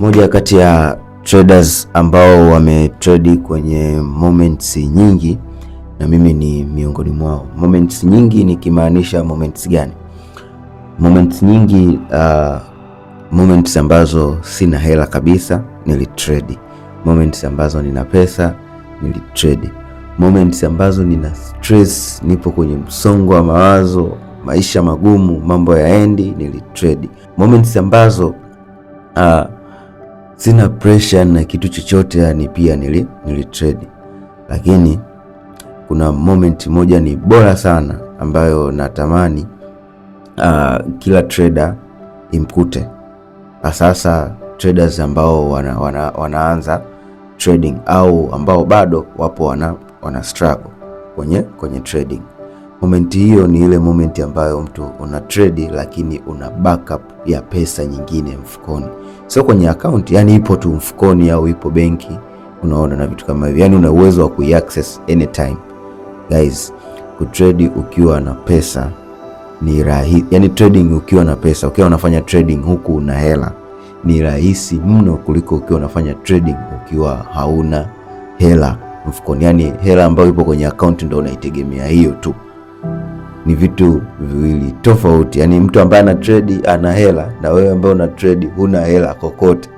Moja kati ya traders ambao wametrade kwenye moments nyingi na mimi ni miongoni mwao. Moments nyingi nikimaanisha moments gani? Moments nyingi uh, moments ambazo sina hela kabisa nilitrade, moments ambazo nina pesa nilitrade, moments ambazo nina stress, nipo kwenye msongo wa mawazo, maisha magumu, mambo yaendi, nilitrade moments ambazo uh, sina pressure na kitu chochote, yani pia nili, nili trade, lakini kuna moment moja ni bora sana ambayo natamani uh, kila trader imkute sasa traders ambao wana, wana, wanaanza trading au ambao bado wapo wana, wana struggle kwenye, kwenye trading. Momenti hiyo ni ile momenti ambayo mtu una trade lakini una backup ya pesa nyingine mfukoni, sio kwenye account, yani ipo tu mfukoni au ipo benki, unaona na vitu kama hivyo, yani una uwezo wa kuiaccess anytime. Guys, kutrade ukiwa na pesa ni rahisi, yani trading ukiwa na pesa, ukiwa unafanya trading huku una hela ni rahisi mno kuliko ukiwa unafanya trading ukiwa hauna hela mfukoni, yani hela ambayo ipo kwenye account ndio unaitegemea hiyo tu ni vitu viwili tofauti. Yaani mtu ambaye ana trade ana hela na wewe ambaye una trade huna hela kokote,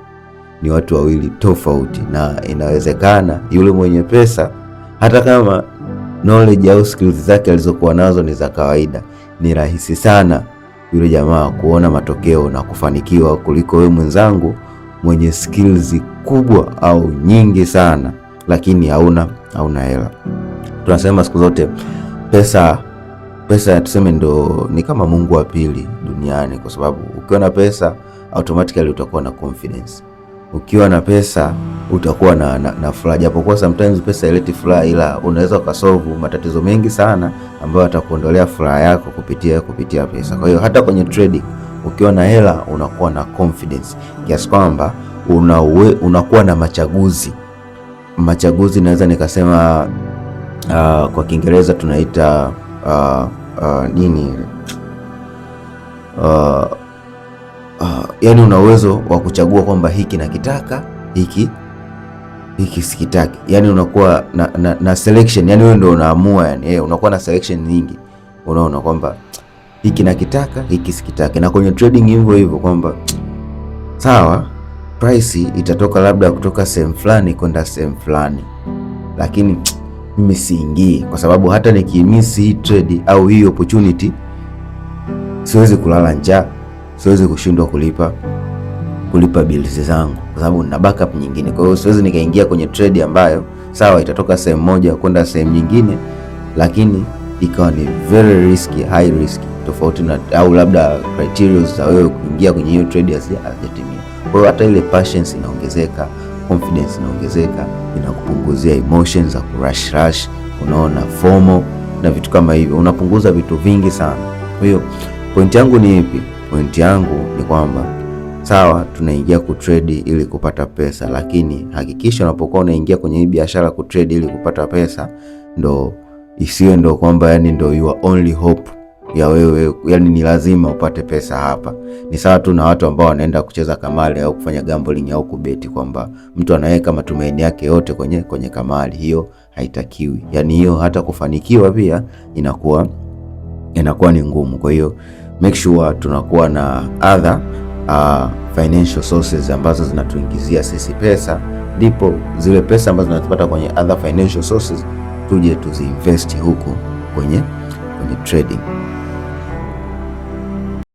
ni watu wawili tofauti, na inawezekana yule mwenye pesa hata kama knowledge au skills zake alizokuwa nazo ni za kawaida, ni rahisi sana yule jamaa kuona matokeo na kufanikiwa kuliko wewe mwenzangu mwenye skills kubwa au nyingi sana, lakini hauna hauna hela. Tunasema siku zote pesa pesa tuseme ndo ni kama Mungu wa pili duniani, kwa sababu ukiwa na pesa automatically utakuwa na confidence. Ukiwa na pesa utakuwa na, na, na furaha, japokuwa sometimes pesa ileti furaha, ila unaweza ukasolve matatizo mengi sana ambayo atakuondolea furaha yako kupitia kupitia pesa. Kwa hiyo hata kwenye trading ukiwa na hela unakuwa na confidence kiasi kwamba unakuwa na machaguzi machaguzi, naweza nikasema uh, kwa Kiingereza tunaita uh, uh, nini uh, uh, yani una uwezo wa kuchagua kwamba hiki nakitaka hiki hiki sikitaki, yani unakuwa na, na, na selection, yani wewe ndio unaamua yani, yeah, unakuwa na selection nyingi, unaona kwamba hiki nakitaka hiki sikitaki. Na kwenye trading hivyo hivyo kwamba sawa, price itatoka labda kutoka sehemu fulani kwenda sehemu fulani, lakini mimi siingii, kwa sababu hata nikimisi hii trade au hii opportunity siwezi kulala njaa, siwezi kushindwa kulipa kulipa bills zangu, kwa sababu nina backup nyingine. Kwa hiyo siwezi nikaingia kwenye trade ambayo sawa itatoka sehemu moja kwenda sehemu nyingine, lakini ikawa ni very risky, high risk tofauti na au labda criteria za wewe kuingia kwenye hiyo trade hazijatimia. Kwa hiyo hata ile patience inaongezeka confidence inaongezeka, inakupunguzia emotions za kurush rush, unaona fomo na vitu kama hivyo, unapunguza vitu vingi sana. Kwa hiyo pointi yangu ni ipi? Pointi yangu ni kwamba sawa, tunaingia kutrade ili kupata pesa, lakini hakikisha unapokuwa unaingia kwenye hii biashara kutrade ili kupata pesa, ndo isiwe ndo kwamba yani ndo your only hope ya wewe, yani ni lazima upate pesa hapa. Ni sawa tu na watu ambao wanaenda kucheza kamari au kufanya gambling au kubeti, kwamba mtu anaweka matumaini yake yote kwenye, kwenye kamari. Hiyo haitakiwi, yani hiyo hata kufanikiwa pia inakuwa inakuwa ni ngumu. Kwa hiyo make sure tunakuwa na other uh, financial sources ambazo zinatuingizia sisi pesa, ndipo zile pesa ambazo tunazipata kwenye other financial sources tuje tuziinvesti huku kwenye kwenye trading.